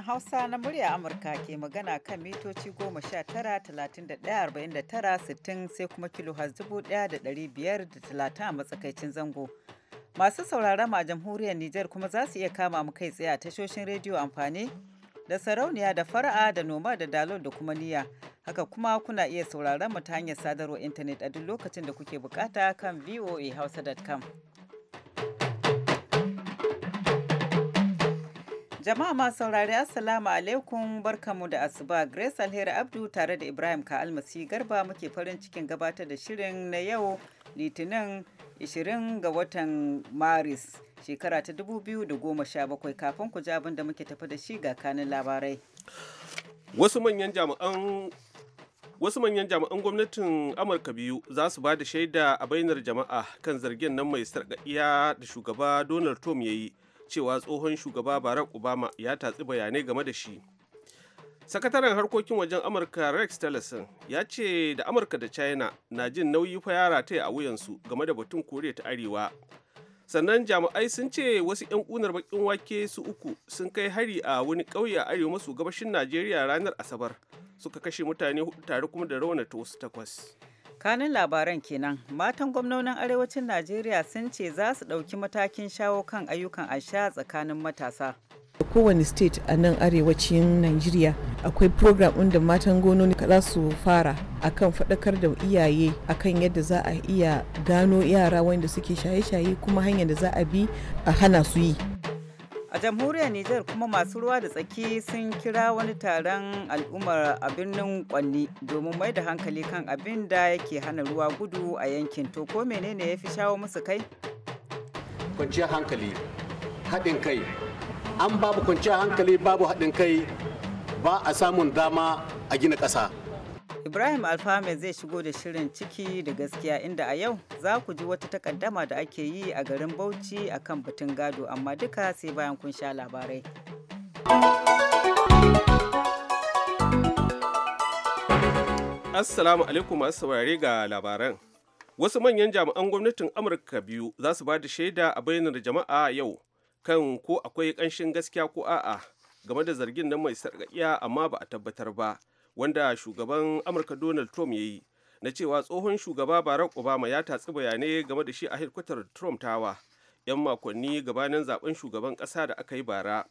sashen Hausa na murya Amurka ke magana kan mitoci 19,31,49,60 sai kuma kilo talatin a matsakaicin zango. Masu sauraron ma jamhuriyar Nijar kuma za su iya kama mu kai tsaye a tashoshin rediyo amfani da sarauniya da fara'a da noma da dalol da kuma niyya. Haka kuma kuna iya sauraron mu ta hanyar sadarwar intanet a duk lokacin da kuke bukata kan voahausa.com. Jama'a masu saurari Assalamu alaikum barkamu da asuba Grace Alheri Abdu tare da Ibrahim ka almasi Garba muke farin cikin gabatar da shirin na yau Litinin 20 ga watan Maris shekara ta 2017 kafin ku ji abin da muke tafi da shi ga kanin labarai. Wasu manyan jami'an gwamnatin amurka biyu za su ba da shaida a bainar jama'a kan zargin nan mai sarƙaƙiya da shugaba donald trump ya yi cewa tsohon shugaba barack obama ya tatsi bayanai game da shi sakataren harkokin wajen amurka rex tillerson ya ce da amurka da china na jin nauyi fa yara ta a wuyansu game da batun koriya ta arewa sannan jami'ai sun ce wasu 'yan kunar bakin wake su uku sun kai hari a wani ƙauye a arewa maso gabashin najeriya ranar asabar suka kashe mutane hudu tare kuma da raunata wasu takwas kanin labaran kenan matan gwamnonin arewacin najeriya sun ce za su ɗauki matakin shawo kan ayyukan asha tsakanin matasa kowane state a nan arewacin Najeriya akwai program inda matan gononi za su fara akan faɗakar da iyaye akan yadda za a iya gano yara wanda suke shaye-shaye kuma hanyar da za a bi a hana su yi. a jamhuriyar nijar kuma masu ruwa da tsaki sun kira wani taron al'ummar a birnin kwanni domin mai da hankali kan abin da yake hana ruwa gudu a yankin to ko menene ya fi shawo musu kai kwanciyar hankali haɗin kai an babu kwanciyar hankali babu haɗin kai ba a samun dama a gina ƙasa Ibrahim Alfame zai shigo da shirin ciki da gaskiya inda a yau za ku ji wata takaddama da ake yi a garin Bauchi a kan batun gado amma duka sai bayan kun sha labarai. Assalamu alaikum masu saurare ga labaran. Wasu manyan jami'an gwamnatin Amurka biyu za su ba da shaida a bainar jama'a yau kan ko akwai ƙanshin gaskiya ko a'a game da zargin nan mai sarƙaƙiya amma ba a tabbatar ba wanda shugaban amurka donald trump ya yi na cewa tsohon shugaba barack obama ya tatsi bayanai game da shi a hedkwatar trump tawa 'yan makonni gabanin zaben shugaban ƙasa da aka yi bara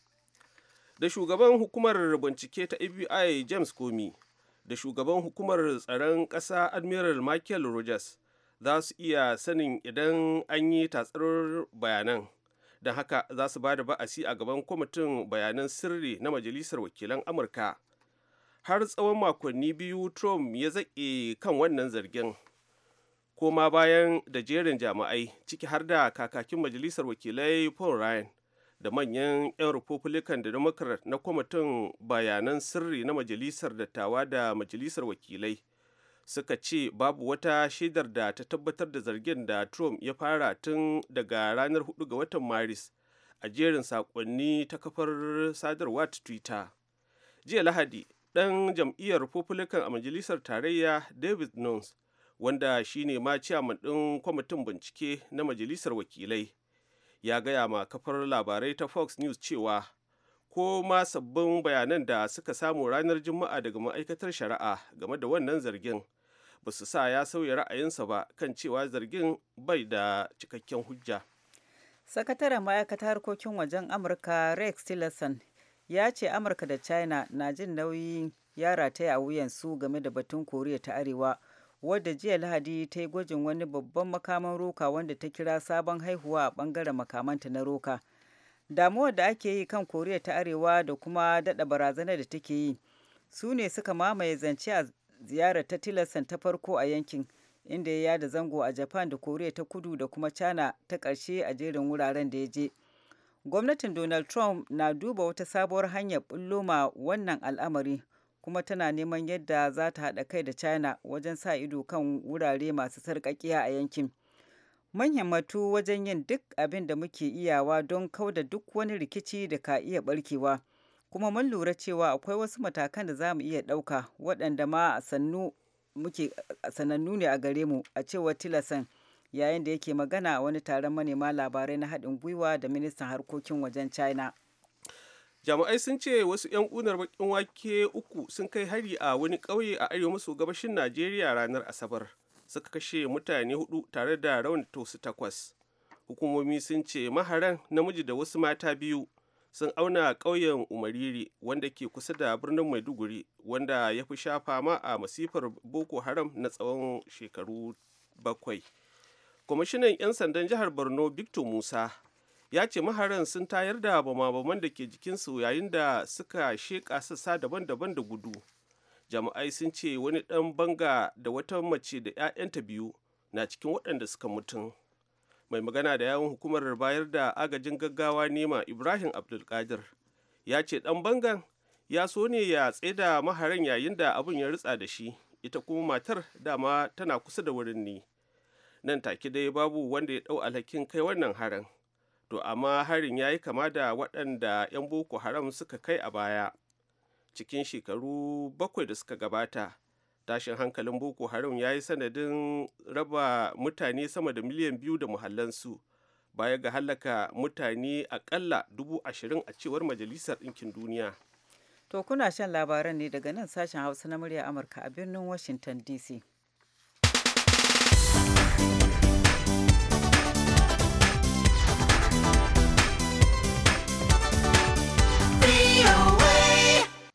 da shugaban hukumar bincike ta fbi james comey da shugaban hukumar tsaron ƙasa admiral michael rogers za su iya sanin idan an yi tatsar bayanan don haka za su ba da ba'asi a gaban kwamitin bayanan sirri na majalisar wakilan amurka har tsawon makonni biyu trump ya zaƙe kan wannan zargin koma bayan da jerin jama'ai ciki har da kakakin majalisar wakilai paul ryan da manyan 'yan republican da democrat na kwamitin bayanan sirri na majalisar dattawa da majalisar wakilai suka ce babu wata shaidar da ta tabbatar da zargin da trump ya fara tun daga ranar 4 ga watan maris a jerin saƙonni ta kafar sadarwa ta twitter jiya lahadi ɗan jam'iyyar Republican a majalisar tarayya David Nunes, wanda shi ne ma ciyaman ɗin kwamitin bincike na majalisar wakilai. Ya gaya ma kafar labarai ta Fox News cewa ko ma sabbin bayanan da suka samu ranar Juma'a daga ma'aikatar shari'a game da wannan zargin ba su sa ya sauya ra'ayinsa ba kan cewa zargin bai da cikakken hujja. Sakataren ma'aikatar harkokin wajen Amurka Rex Tillerson ya ce amurka da china na jin nauyin ya rataya a su game da batun koriya ta arewa wadda jiya lahadi ta yi gwajin wani babban makaman roka wanda ta kira sabon haihuwa a bangaren makamanta na roka damuwar da ake yi kan koriya ta arewa da kuma dada barazanar da take yi su ne suka mamaye zance a ziyarar ta tilastan ta farko a yankin inda ya yada zango a japan da koriya ta kudu da kuma china ta karshe a jerin wuraren da ya je gwamnatin donald trump na duba wata sabuwar hanyar ma wannan al'amari kuma tana neman yadda za ta haɗa kai da china wajen sa ido kan wurare masu sarƙaƙiya a yankin matu wajen yin duk abin da muke iyawa don kauda duk wani rikici da ka iya barkewa kuma mun lura cewa akwai wasu matakan da za mu iya ɗauka waɗanda ma sanannu ne a gare mu a cewar tilasan yayin da yake magana wani taron manema labarai na haɗin gwiwa da ministan harkokin wajen china jami'ai sun ce wasu 'yan ƙunar bakin wake uku sun kai hari a wani ƙauye a arewa maso gabashin najeriya ranar asabar suka kashe mutane hudu tare da rawan tosu takwas hukumomi sun ce maharan namiji da wasu mata biyu sun auna ƙauyen umariri wanda ke kusa da birnin maiduguri wanda ya fi shafa ma a masifar boko haram na tsawon shekaru bakwai kwamishinan 'yan sandan jihar borno victor musa ya ce maharan sun tayar da bama-baman da ke jikinsu yayin da suka sheƙa sassa daban-daban da gudu jama'ai sun ce wani ɗan banga da wata mace da 'ya'yanta biyu na cikin waɗanda suka mutum mai magana da yawon hukumar bayar da agajin gaggawa nema ibrahim abdulkadir ya ce ɗan bangan ya so ne ya tsaida maharan yayin da abin ya ritsa da shi ita kuma matar dama tana kusa da wurin ne nan take dai babu wanda ya ɗau alhakin kai wannan harin to amma harin ya yi kama da waɗanda 'yan boko haram suka kai a baya cikin shekaru bakwai da suka gabata tashin hankalin boko haram ya yi sanadin raba mutane sama da miliyan biyu da muhallansu baya ga hallaka mutane akalla dubu ashirin a cewar majalisar ɗinkin duniya to kuna shan labaran ne daga nan sashen hausa na murya amurka a birnin washington dc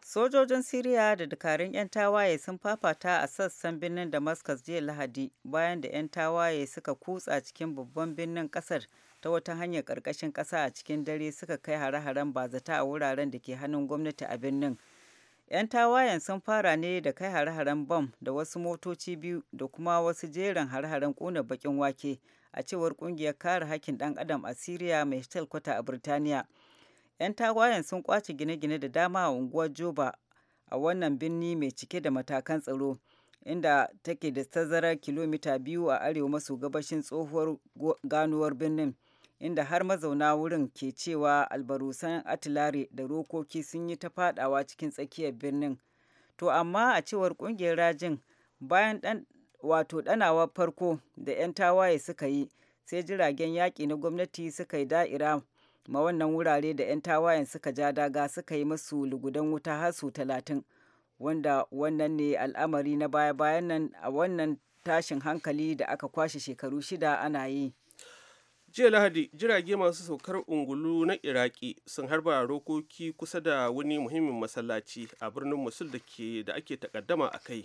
Sojojin Siriya da dakarun 'yan tawaye sun fafata a sassan birnin Damascus jiya Lahadi bayan da 'yan tawaye suka kutsa cikin babban birnin kasar ta wata hanyar ƙarƙashin ƙasa a cikin dare suka kai hare-haren bazata a wuraren da ke hannun gwamnati a birnin. 'Yan tawayen sun fara ne da kai hare-haren bam da wasu motoci biyu da kuma wasu jerin hare-haren ƙuna bakin wake a cewar kungiyar kare hakkin ɗan adam a Siriya mai kwata a Birtaniya. 'Yan tawayen sun kwace gine-gine da dama a unguwar Joba a wannan birni mai cike da matakan tsaro inda take da tazarar kilomita biyu a arewa maso gabashin tsohuwar ganuwar birnin. inda har mazauna wurin ke cewa albarusan atilare da rokoki sun yi ta fadawa cikin tsakiyar birnin to amma a cewar kungiyar rajin bayan dan wato danawar farko da 'yan tawaye suka yi sai jiragen yaƙi na gwamnati suka yi da'ira ma wannan wurare da 'yan tawayen suka ja daga suka yi masu lugudan wuta har su talatin wanda wannan ne al'amari na baya-bayan nan a wannan tashin hankali da aka kwashe shekaru shida ana yi. jiya lahadi jirage masu saukar ungulu na iraki sun harba rokoki kusa da wani muhimmin masallaci a birnin musul da ke da ake takaddama a kai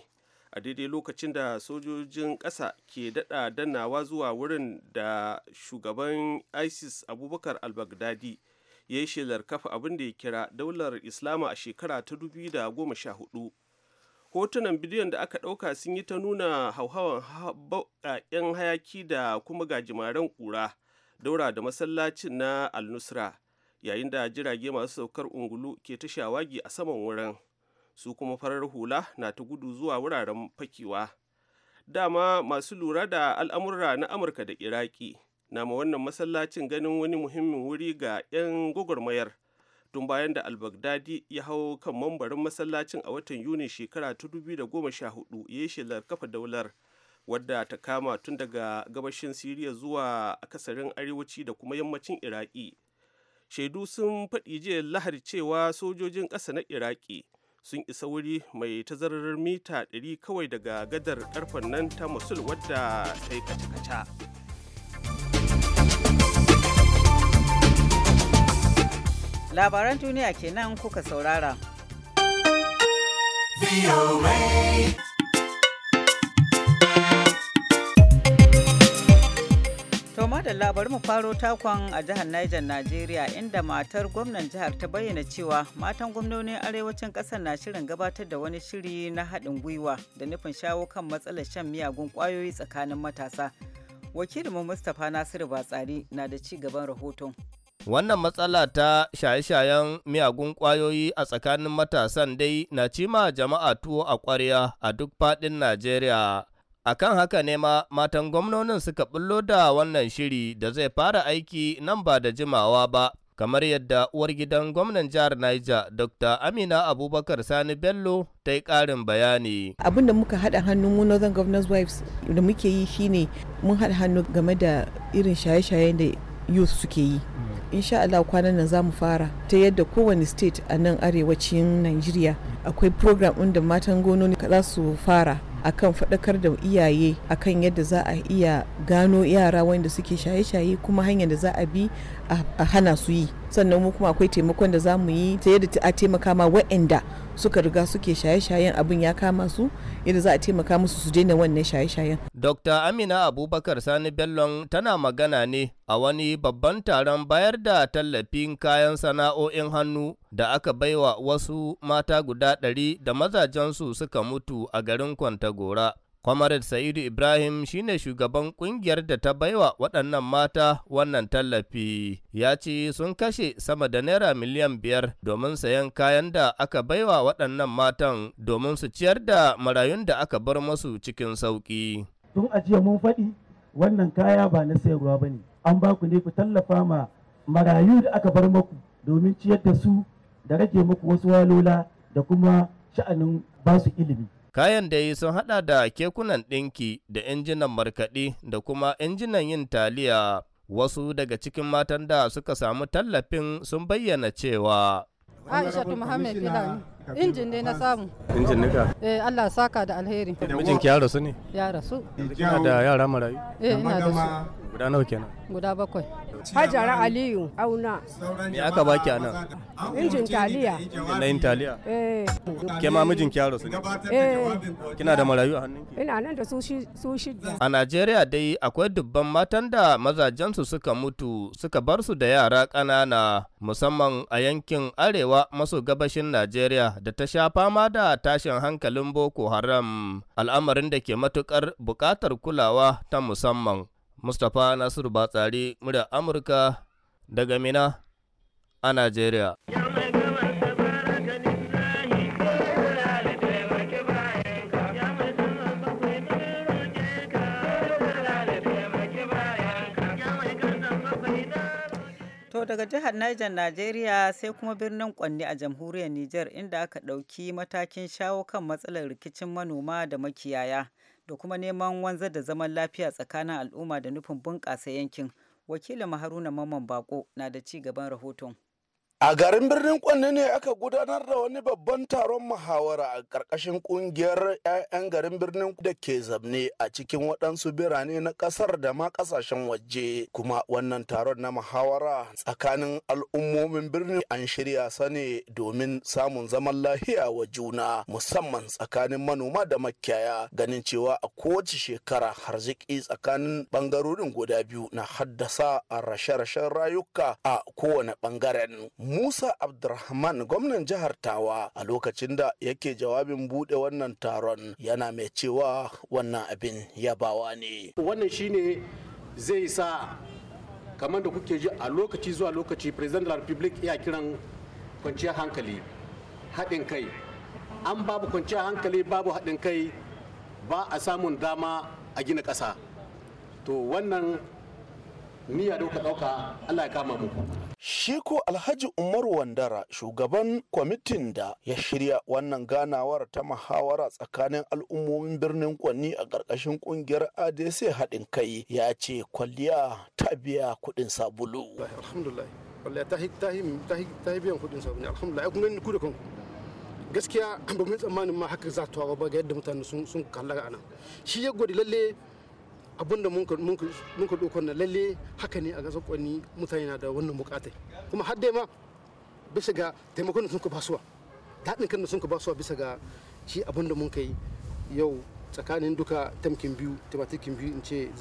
a daidai lokacin da sojojin ƙasa ke daɗa dannawa zuwa wurin da shugaban isis abubakar al-baghdadi ya yi shelar kafa abin da ya kira daular islama a shekara ta dubi da goma sha 2014 hotunan bidiyon da aka ɗauka sun yi ta nuna hauhawan baƙaƙen hayaki da kuma gajimaren ƙura daura da masallacin na al-nusra yayin da jirage masu saukar ungulu ke ta shawagi a saman wurin su kuma farar hula na ta gudu zuwa wuraren fakewa dama masu lura da al'amurra na amurka da iraki na ma wannan masallacin ganin wani muhimmin wuri ga 'yan gwagwarmayar tun bayan da al-baghdadi ya hau kan mambarin masallacin a watan yuni shekara ta 2014 ya yi shelar kafa daular wadda ta kama tun daga gabashin siriya zuwa akasarin arewaci da kuma yammacin iraki shaidu sun faɗi jiya lahar cewa sojojin ƙasa na iraki sun isa wuri mai tazarar mita 100 kawai daga gadar karfen nan ta musul wadda ta yi kaca-kaca labaran duniya kenan kuka saurara. da bari mu faro takon a jihar Niger Najeriya inda matar gwamnan jihar ta bayyana cewa matan gwamnonin arewacin kasar na shirin gabatar da wani shiri na haɗin gwiwa da nufin shawo kan matsalar shan miyagun kwayoyi tsakanin matasa. Wakilinmu Mustapha Nasiru Batsari na da ci gaban rahoton. Wannan matsala ta shaye-shayen miyagun kwayoyi a tsakanin matasan dai na cima jama'a tuwo a ƙwarya a duk faɗin Najeriya a kan haka ne ma matan gwamnonin suka bullo da wannan shiri da zai fara aiki nan ba da jimawa ba, kamar yadda uwar gidan gwamnan jihar Niger Dr. Amina Abubakar Sani Bello ta yi ƙarin bayani. Abin da muka haɗa hannu mu Northern Governors Wives da muke yi shine mun haɗa hannu game da irin shaye-shayen da youth suke yi. Mm. insha Allah kwanan nan za mu fara ta yadda kowane state a nan arewacin nigeria akwai program inda matan gononi za su fara akan faɗakar da iyaye akan yadda za a iya gano yara wanda suke shaye-shaye kuma hanyar da za a bi a hana su yi sannan mu kuma akwai taimakon da za mu yi ta yadda a taimaka ma wa'anda suka riga suke shaye-shayen abin ya kama su yadda za a taimaka musu su daina wannan shaye-shayen. Dr. Amina Abubakar Sani Bellon tana magana ne a wani babban taron bayar da tallafin kayan sana'o'in hannu da aka baiwa wasu mata guda ɗari da mazajensu suka mutu a garin Kwantagora. Comrade Sa'idu Ibrahim shine shugaban ƙungiyar da ta baiwa waɗannan mata wannan tallafi. Ya ce sun kashe sama da naira miliyan biyar domin sayan kayan da aka baiwa waɗannan matan domin su ciyar da marayun da aka bar masu cikin sauƙi. Tun ajiya mun faɗi wannan kaya ba na sayarwa ba ne, an ba ku ne ku tallafa ma marayu da aka bar maku domin ciyar da su da rage muku wasu walola da kuma sha'anin basu ilimi. Kayan da yi sun hada da kekunan ɗinki da injinan markaɗe da kuma injinan yin taliya. Wasu daga cikin matan da suka samu tallafin sun bayyana cewa. Aisha Muhammad Filani. injin ne na samu injin nika eh Allah saka da alheri mijinki ya rasu ne ya rasu kina da yara marayu eh ina da su guda nawa kenan guda bakwai hajara aliyu auna me aka baki anan injin taliya na yin taliya eh ke ma mijin ki rasu ne eh kina da marayu a hannunki ina nan da su shi a Najeriya dai akwai dubban matan da su suka mutu suka bar su da yara ƙanana musamman a yankin arewa maso gabashin Najeriya da ta sha fama da tashin hankalin Boko Haram, al'amarin da ke matuƙar buƙatar kulawa ta musamman. Mustapha Nasiru Batsari, murya Amurka daga Mina a Najeriya. daga jihar Niger Najeriya sai kuma birnin Kwanne a jamhuriyar Nijar inda aka ɗauki matakin shawo kan matsalar rikicin manoma da makiyaya da kuma neman wanzar da zaman lafiya tsakanin al'umma da nufin bunƙasa yankin. Wakilin Haruna Mamman Bako na da ci gaban rahoton. A garin birnin Kwanne ne aka gudanar da wani babban taron muhawara a ƙarƙashin ƙungiyar 'ya'yan garin birnin da ke zamne a cikin waɗansu birane na ƙasar da ma ƙasashen waje. Kuma wannan taron na muhawara tsakanin al'ummomin birnin an shirya sa domin samun zaman lahiya wa juna musamman tsakanin manoma da makiyaya ganin cewa a kowace shekara harziki tsakanin bangarorin guda biyu na haddasa a rashe-rashen rayuka a kowane bangaren. Musa Abdulrahman, gwamnan jihar Tawa a lokacin da yake jawabin bude wannan taron yana mai cewa wannan abin yabawa ne. Wannan shine zai sa kamar da kuke ji a lokaci zuwa lokaci president of the republic ya kiran kwanciyar hankali haɗin kai an babu kwanciyar hankali babu haɗin kai ba a samun dama a gina ƙasa to wannan niyya da kuka ɗauka allah ya kama muku Shi ko Alhaji Umar Wandara shugaban kwamitin da ya shirya wannan ganawar ta muhawara tsakanin al'ummomin birnin Kwanni a ƙarƙashin ƙungiyar ADC haɗin kai ya ce kwalliya ta biya kuɗin sabulu. Alhamdulillah, kwalliya ta biyan kuɗin sabulu. Alhamdulillah, kuma gani ku da kanku. Gaskiya ba mun tsammanin ma haka za ta ba ga yadda mutane sun kalla ga ana. Shi ya gwada lalle abinda da mun ka dokon na lalle haka ne a gasar kwanni mutane na da wannan bukatai kuma har dai ma bisa ga taimakon da sun ka basuwa daɗin kan da sun ka basuwa bisa ga shi abinda da mun kai yau tsakanin duka tamkin biyu tematikin biyu in ce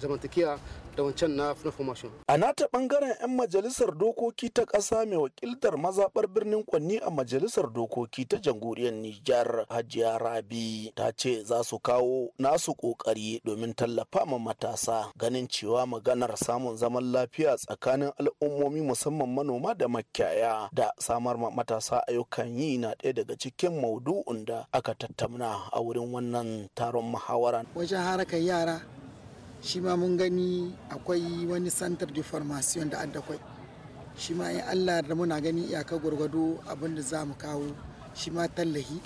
zamantakiya da wancan na formation. A nata bangaren 'yan majalisar dokoki ta ƙasa mai wakiltar mazaɓar birnin Kwanni a majalisar dokoki ta jamhuriyar Nijar Hajiya Rabi ta ce za su kawo nasu ƙoƙari domin tallafa ma matasa ganin cewa maganar samun zaman lafiya tsakanin al'ummomi musamman manoma da makiyaya da samar ma matasa ayyukan yi na ɗaya daga cikin maudu'un da aka tattauna a wurin wannan taron muhawara. Wajen harakar yara shi ma mun gani akwai wani santar de formation da kwai shi ma in allah da muna gani iyaka gwargwado abinda da za mu kawo shi ma tallahi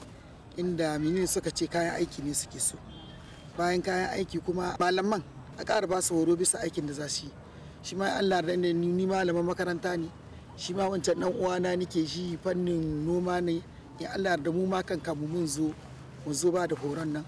inda mini suka ce kayan aiki ne suke so bayan kayan aiki kuma malaman a ƙara ba su horo bisa aikin da za su yi shi ma allah da inda ni malaman makaranta ne shi ma wancan dan uwana nake shi fannin noma ne in allah da mu ma kan kamu mun zo mu zo ba da horon nan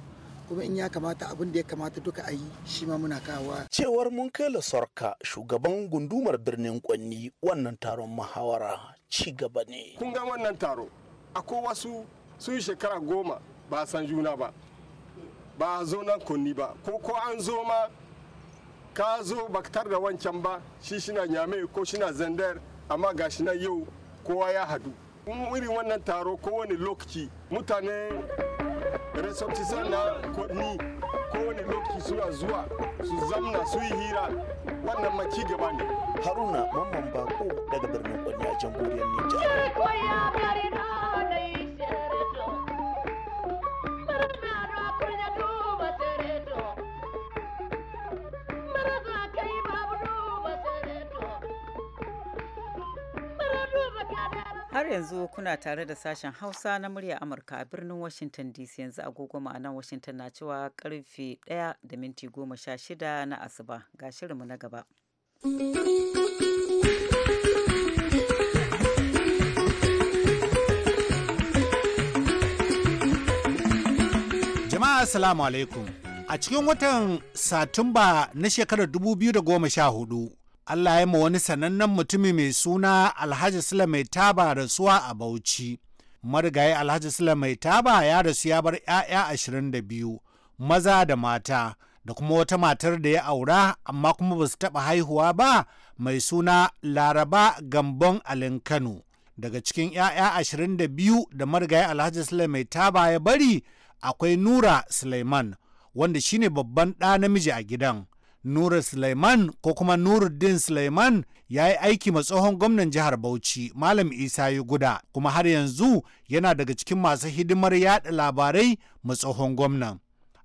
kuma in ya kamata abin da ya kamata duka a yi shi ma muna kawa. Cewar mun kai Sorka shugaban gundumar birnin Kwanni wannan taron muhawara ci gaba ne. Kun ga wannan taro akwai wasu sun shekara goma ba san juna ba ba zo nan kunni ba ko ko an zo ma ka zo baktar da wancan ba shi shina nyame ko shina zandar amma shi na yau kowa ya hadu. Irin wannan taro kowane lokaci mutane resortisan na kwanni kowane lokaci suna zuwa su zamna su yi hira wannan ma gaba ne haruna mamman bako daga birnin kwanni a jamhuriyar nijar Har yanzu kuna tare da sashen Hausa na murya Amurka a birnin Washington DC yanzu agogo ma'anan Washington na cewa karfe 1 da minti 16 na Asuba. Ga shirinmu na gaba. Jama'a Assalamu alaikum. A cikin watan Satumba na shekarar 2014 Allah ya ma wani sanannen mutumi mai suna Alhaji Sula mai taba rasuwa a Bauchi. Marigayi Alhaji Sula mai taba ya rasu ya bar 'ya'ya 22 maza da mata da kuma wata matar da ya aura amma kuma ba su taɓa haihuwa ba mai suna Laraba Gambon Alinkano. Daga cikin 'ya'ya 22 da marigayi Alhaji Sula mai taba ya bari akwai Nura Suleiman wanda shine babban ɗa namiji a gidan. Nura Sulaiman ko kuma Nuruddin Sulaiman ya yi aiki ma tsohon gwamnan jihar Bauchi Malam Isa Guda kuma har yanzu yana daga cikin masu hidimar yaɗa labarai ma tsohon gwamnan.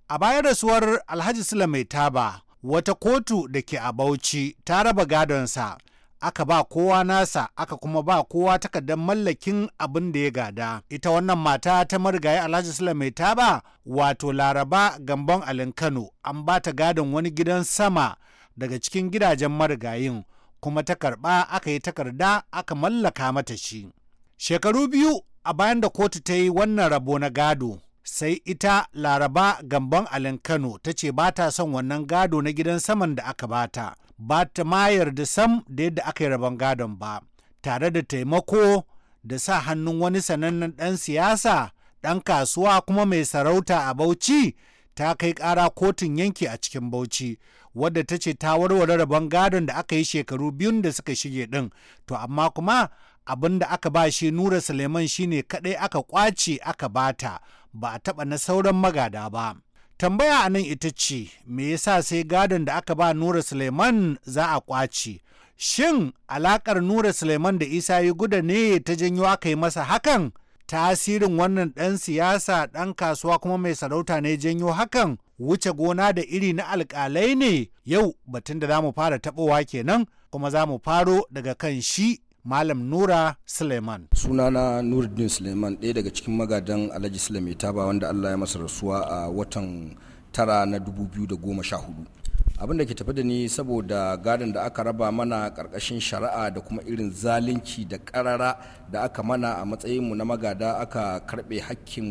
A bayan rasuwar Alhaji Sula Taba, wata kotu da ke a Bauchi ta raba gadonsa aka ba kowa nasa aka kuma ba kowa takardar mallakin abin da ya gada ita wannan mata ta marigayi alhaji sula mai ba? wato laraba gambon alin kano an ba ta gadon wani gidan sama daga cikin gidajen marigayin kuma ta karba aka yi takarda aka mallaka mata shi shekaru biyu a bayan da kotu ta yi wannan rabo na gado sai ita laraba gamban alin kano ta ce ba ta son wannan gado na gidan saman da aka bata ba ta ma da sam da yadda aka yi rabon gadon ba tare da taimako da sa hannun wani sanannen ɗan siyasa ɗan kasuwa kuma mai sarauta a bauchi ta kai ƙara kotun yanki a cikin bauchi wadda ta ce ta warware rabon gadon da aka yi shekaru biyun da suka shige ɗin to amma kuma abin da aka ba shi nura suleiman shine kaɗai aka ƙwace aka bata ba a taɓa na sauran magada ba. tambaya a nan ita ce me yasa sai gadon da aka ba nura suleiman za a kwace shin alakar nura suleiman da isa yi guda ne ta janyo aka yi masa hakan tasirin wannan ɗan siyasa ɗan kasuwa kuma mai sarauta ne janyo hakan wuce gona da iri na alƙalai ne yau batun da za mu fara taɓowa kenan kuma za mu faro daga kan shi Malam Nura Suleiman. Sunana Nuruddin Suleiman ɗaya daga cikin magadan Alhaji Sulaimai Taba wanda Allah ya masa rasuwa a watan tara na 2014 abin da ke tafi da ni saboda gadon da aka raba mana karkashin shari'a da kuma irin zalunci da karara da aka mana a matsayinmu na magada aka karbe hakkin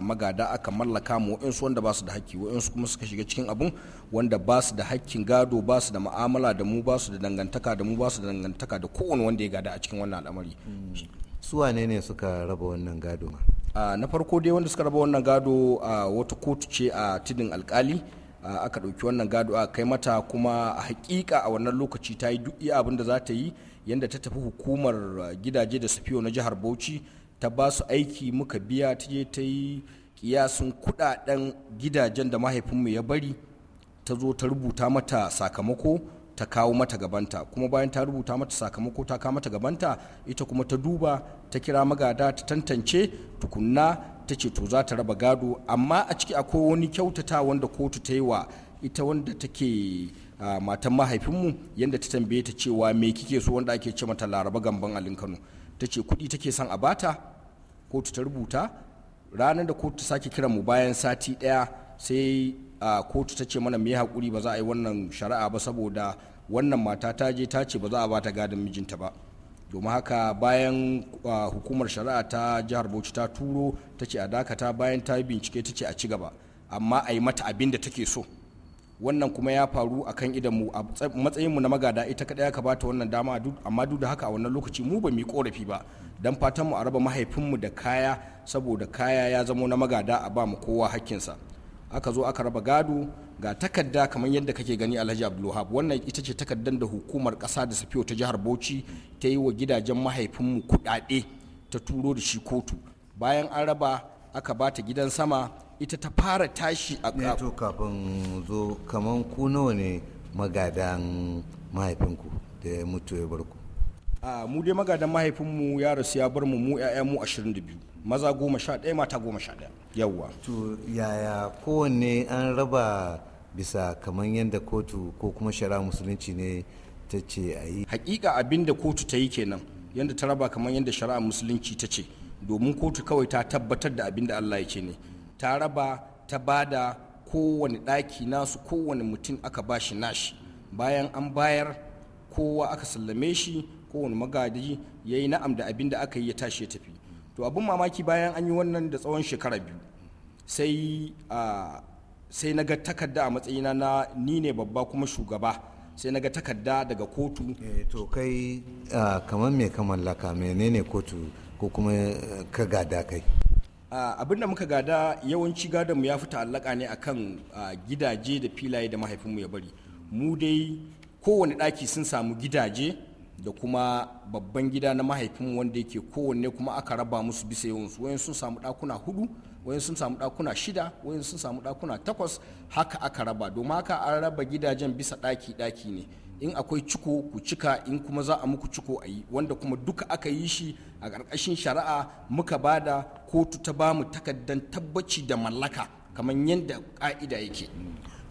magada aka mallaka mu wa'insu wanda ba su da hakki wa'insu kuma suka shiga cikin abun wanda ba su da hakkin gado ba su da ma'amala da mu ba su da dangantaka da mu ba su da dangantaka da kowane wanda ya gada a cikin wannan al'amari su wane ne suka raba wannan gado na farko dai wanda suka raba wannan gado a wata kotu ce a tidin alkali aka ɗauki wannan gado a kai mata kuma a hakika a wannan lokaci ta yi duk iya abin da za ta yi yadda ta tafi hukumar gidaje da safiyo na jihar bauchi ta ba su aiki muka biya ta je ta yi kiyasin kudaden gidajen da mahaifinmu ya bari ta zo ta rubuta mata sakamako ta kawo mata gabanta kuma bayan ta rubuta mata sakamako ta kawo mata gabanta ita kuma ta duba ta kira magada ta tantance tukunna ta ce to za ta raba gado amma a ciki akwai wani kyautata wanda kotu ta yi wa ita wanda take matan mahaifinmu yadda ta tambaye ta cewa me kike so wanda ake ce mata laraba gamban alin kano ta ce kuɗi take son a bata kotu ta rubuta ranar da kotu ta sake kiran mu bayan sati daya sai kotu ta ce mana me hakuri ba za a yi wannan shari'a ba saboda wannan mata ta je ta ce ba za a bata gadon mijinta ba domin haka bayan hukumar shari'a ta jihar bauchi ta turo ta ce a dakata bayan ta bincike ta ce a ci gaba amma a yi mata abin da take so wannan kuma ya faru a kan idanmu a matsayinmu na magada ita kaɗai ya kabata wannan dama amma duk da haka a wannan lokaci mu ba mu yi korafi ba don fatanmu a raba mahaifinmu da kaya saboda kaya ya zamo na magada a ba mu kowa hakkinsa aka zo aka raba gado ga takarda kamar yadda kake gani alhaji abdulwahab wannan ita ce takardar da hukumar kasa da safiyo ta jihar bauchi ta yi wa gidajen mahaifinmu kudade ta turo da shi kotu bayan an raba aka ba ta gidan sama ita ta fara tashi a eh to kafin zo kamar ku nawa ne magadan mahaifinku da ya mutu ya barku a mu dai magadan mahaifinmu ya rasu ya bar mu mu 'ya'yanmu 22 maza goma sha mata goma sha yawwa to yaya kowanne an raba bisa kamar yadda kotu ko kuma shari'a musulunci ne ta ce a yi hakika abin da kotu ta yi kenan yadda ta raba kamar yadda shari'a musulunci ta ce domin kotu kawai ta tabbatar da abin da allah ya ce ne ta raba ta ba da kowane ɗaki nasu kowane mutum aka ba shi nashi bayan an bayar kowa aka sallame shi kowane magadi ya yi na'am da abin da aka yi ya tashi ya tafi to abin mamaki bayan an yi wannan da tsawon shekara biyu sai a ah, sai na ga takarda a matsayina na ni ne babba kuma shugaba sai na ga takarda daga kotu eh, to kai kamar me ka mallaka menene kotu ko kuma eh, ka gada kai abin da muka gada yawanci gadonmu ya fi allaka ne akan gidaje da filaye da mahaifinmu ya bari mu dai kowane ɗaki sun samu gidaje da kuma babban gida na mahaifinmu wanda yake kowanne kuma aka raba musu bisa yawansu wayan sun samu ɗakuna hudu wayan sun samu ɗakuna shida wayan sun samu ɗakuna takwas haka aka raba domin haka an raba gidajen bisa ɗaki ɗaki ne in akwai ciko ku cika in kuma za a muku ciko a yi wanda kuma duka aka yi shi a ƙarƙashin shari'a muka ba bada kotu ta ba mu takaddan tabbaci da mallaka kamar yadda ka'ida yake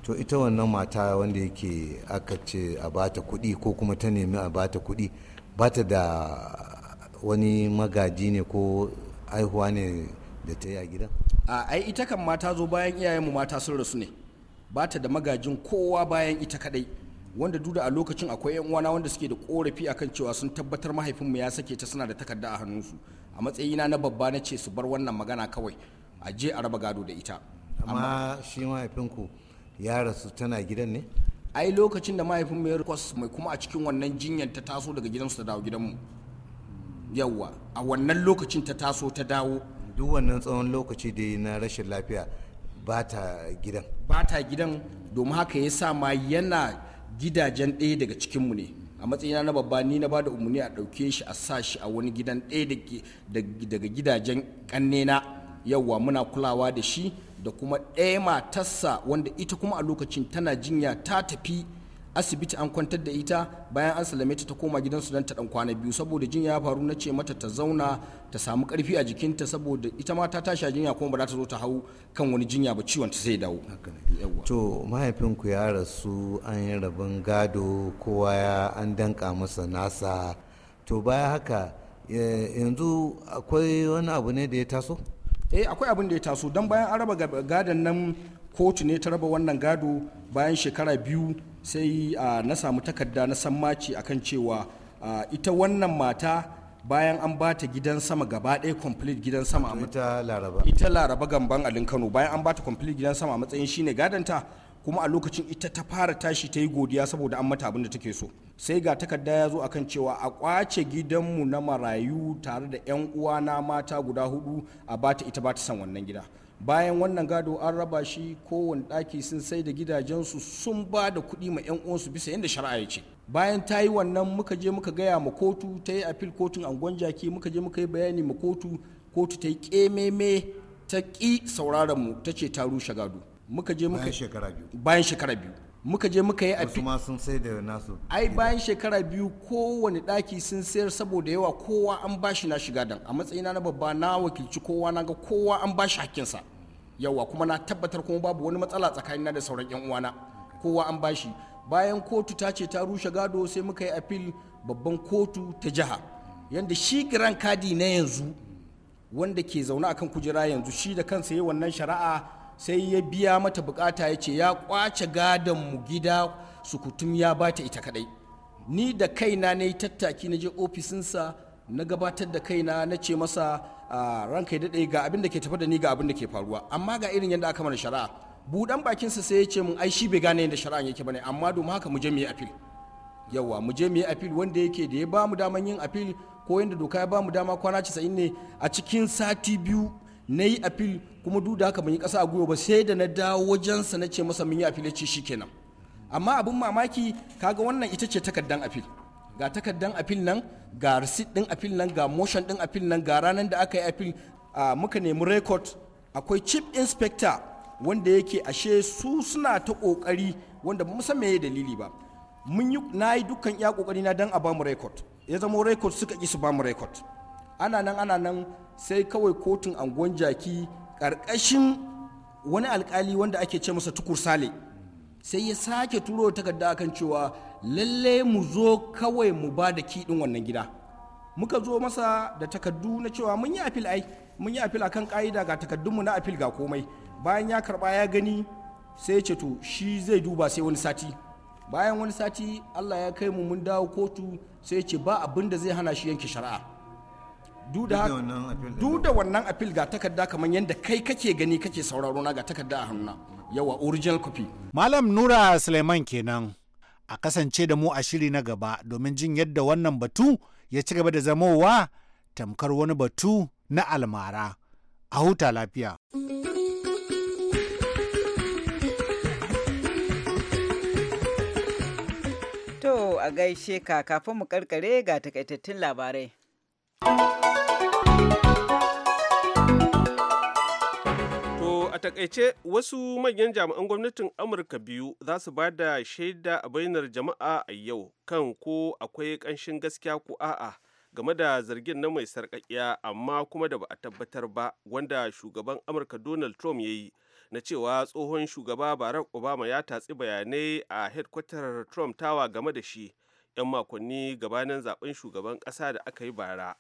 to ita wannan mata wanda yake aka ce a bata kuɗi ko kuma ta nemi a bata kuɗi bata da wani magaji ne ko aihuwa ne da ta yi a a ai ita kan mata zo bayan iyayenmu mata sun rasu ne ba ta da magajin kowa bayan ita kadai wanda duda a lokacin akwai yan uwana wanda suke da korafi akan cewa sun tabbatar mahaifinmu ya sake ta suna da takarda a hannunsu a matsayina na babba na ce su bar wannan magana kawai a je a raba gado da ita amma shi mahaifinku ya rasu tana gidan ne ai lokacin da mahaifin ya rikos mai kuma a cikin wannan jinyar ta taso daga gidansu ta dawo gidanmu yawwa a wannan lokacin ta taso ta dawo duk wannan tsawon lokaci da na rashin lafiya ba ta gidan ba ta gidan domin haka ya sa ma yana gidajen ɗaya daga cikinmu ne a matsayina na babba ni na ba da umarni a ɗauke shi a sa shi a wani gidan ɗaya daga gidajen ƙannena yauwa muna kulawa da shi da kuma ɗaya matarsa wanda ita kuma a lokacin tana jinya ta tafi asibiti an kwantar da ita bayan an sallame ta ta koma gidansu su ta dan kwana biyu saboda jinya ya faru na ce mata ta zauna ta samu karfi a jikinta saboda ita ma ta tashi a jinya kuma ba za ta zo ta hau kan wani jinya ba ciwon ta zai dawo to mahaifinku ya rasu an yi rabin gado kowa ya an danka masa nasa to baya haka yanzu akwai wani abu ne da ya taso eh akwai abin da ya taso don bayan an raba gadon nan kotu ne ta raba wannan gado bayan shekara biyu sai na samu takarda na sammaci a kan cewa ita wannan mata bayan an ba ta gidan sama gaba ɗaya complete gidan sama ita laraba ita laraba gamban alin kano bayan an ba ta complete gidan sama a matsayin shine gadanta kuma a lokacin ita ta fara tashi ta yi godiya saboda an mata abin da take so sai ga takarda ya zo a kan cewa a kwace gidanmu na marayu tare da 'yan uwa na mata guda hudu a ba ta ita ba ta san wannan gida bayan wannan gado an raba shi kowane ɗaki sun sai da gidajensu sun ba da kuɗi ma 'yan uwansu bisa yadda shari'a ya ce bayan ta yi wannan muka je muka gaya ma kotu ta yi apil kotun angon jaki muka je muka yi bayani ma kotu kotu ta yi ƙememe ta ƙi sauraron mu ta ce ta rushe gado muka je muka bayan shekara biyu muka je muka yi a fi sun sai da nasu ai bayan shekara biyu kowane daki sun sayar saboda yawa kowa an bashi na shiga dan a matsayina na babba na wakilci kowa na ga kowa an bashi hakkinsa yawa kuma na tabbatar kuma babu wani matsala tsakanina da sauran yan uwana kowa an bashi bayan kotu ta ce ta rushe gado sai muka yi afil babban kotu ta jiha yanda shi giran kadi na yanzu wanda ke zaune akan kujera yanzu shi da kansa yi wannan shari'a sai ya biya mata bukata ya ce ya kwace gadon mu gida sukutum ya ta ita kadai ni da kaina na yi tattaki na je ofisinsa na gabatar da kaina na ce masa ranka ya daɗe ga abin da ke tafi da ni ga abin da ke faruwa amma ga irin yadda aka mana shari'a budan bakinsa sai ya ce mun ai shi bai gane yadda shari'a yake bane amma domin haka mu je mu yi afil yawa mu je mu yi appeal wanda yake da ya ba mu daman yin afil ko yadda doka ya ba mu dama kwana casa'in ne a cikin sati biyu na yi apil kuma duk da haka ban yi ƙasa a gwiwa ba sai da na dawo wajensa na ce masa mun yi apil ya ce shi kenan amma abin mamaki kaga wannan ita ce takardan apil ga takardan apil nan ga receipt din apil nan ga motion din apil nan ga ranar da aka yi apil muka nemi record akwai chief inspector wanda yake ashe su suna ta kokari wanda ba san meye dalili ba mun yi na yi dukkan iya kokari na dan a bamu record ya zama record suka ki su bamu record ana nan ana nan sai kawai kotun angon jaki ƙarƙashin wani alkali wanda ake ce masa tukur sale sai ya sake turo takarda akan cewa lalle mu zo kawai mu ba da kiɗin wannan gida muka zo masa da takardu na cewa mun yi afil ai mun yi afil akan ka'ida ga takardunmu na afil ga komai bayan ya karba ya gani sai ce to shi zai duba sai wani sati bayan wani sati allah ya kai mu mun dawo kotu sai ya ce ba abin da zai hana shi yanke shari'a duda da wannan apil ga takarda kamar yadda kai kake gani kake sauraro na ga takarda a hannu yawa original copy malam nura suleiman kenan a kasance da mu a shiri na gaba domin jin yadda wannan batu ya ci gaba da zamowa tamkar wani batu na almara a huta lafiya To a gaishe ka kafin mu karkare ga takaitattun labarai. A takaice wasu manyan jami'an gwamnatin Amurka biyu za su ba da shaida a bainar jama'a a yau kan ko akwai ƙanshin gaskiya ko a'a game da zargin na mai sarƙaƙiya amma kuma da ba a tabbatar ba wanda shugaban Amurka Donald Trump ya yi na cewa tsohon shugaba Barack Obama ya tatsi bayanai a headquarter Trump tawa game da shi 'yan makonni gabanin zaben shugaban ƙasa da aka yi bara.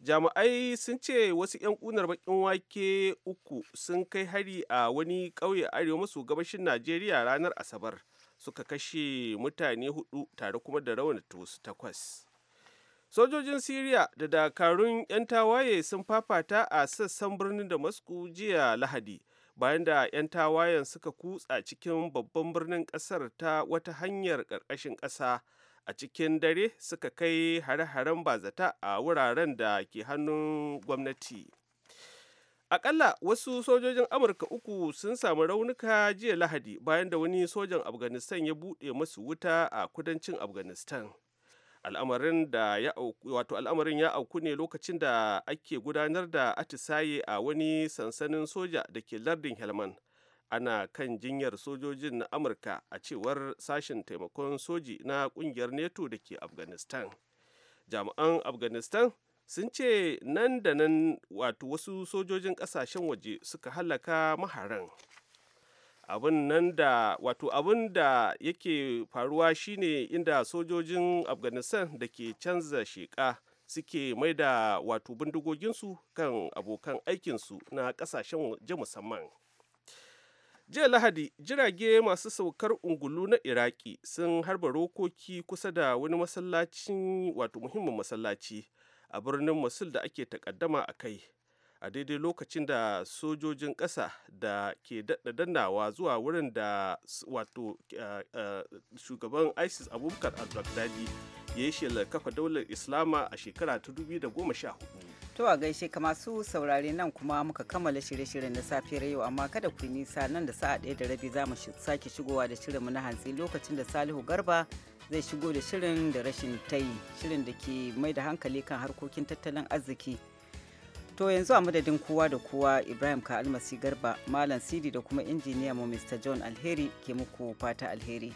jami'ai sun ce wasu 'yan kunar bakin wake uku sun kai hari a wani ƙauye arewa maso gabashin najeriya ranar asabar suka kashe mutane hudu tare kuma da raunata wasu takwas sojojin syria da dakarun 'yan tawaye sun fafata a sassan birnin masku jiya lahadi bayan da 'yan tawayen suka kutsa cikin babban birnin kasar ta wata hanyar ƙarƙashin ƙasa a cikin dare suka kai hare-haren bazata a wuraren da ke hannun gwamnati akalla wasu sojojin amurka uku sun samu raunuka jiya lahadi bayan da wani sojan afghanistan ya buɗe masu wuta a kudancin afghanistan al'amarin ya wato al'amarin ya auku ne lokacin da ake gudanar da atisaye a wani sansanin soja da ke lardin helman ana kan jinyar sojojin na amurka a cewar sashen taimakon soji na kungiyar neto da ke afghanistan jami'an afghanistan sun ce nan da nan wato wasu sojojin kasashen waje suka halaka maharan abin nan da wato abin da yake faruwa shine inda sojojin afghanistan da ke canza sheka suke mai da wato bindigoginsu kan abokan aikinsu na kasashen waje musamman jiya lahadi jirage masu saukar ungulu na iraki sun harba rokoki kusa da wani masallaci wato muhimmin masallaci a birnin mosul da ake takaddama a kai a daidai lokacin da sojojin ƙasa da ke daɗa dannawa zuwa wurin da wato eh, eh, shugaban isis abubakar al-baghdadi ya yi shelar kafa daular islama a shekara ta da goma sha 2014 To a gaishe ka masu saurare nan kuma muka kammala shirye-shiryen na safiyar yau amma kada ku nisa nan da sa'a ɗaya da rabi za mu sake shigowa da shirinmu na hantsi lokacin da Salihu Garba zai shigo da shirin da rashin tai shirin da ke mai da hankali kan harkokin tattalin arziki. To yanzu a madadin kowa da kowa Ibrahim ka almasi garba Malam Sidi da kuma injiniya mu Mr. John Alheri ke muku fata alheri.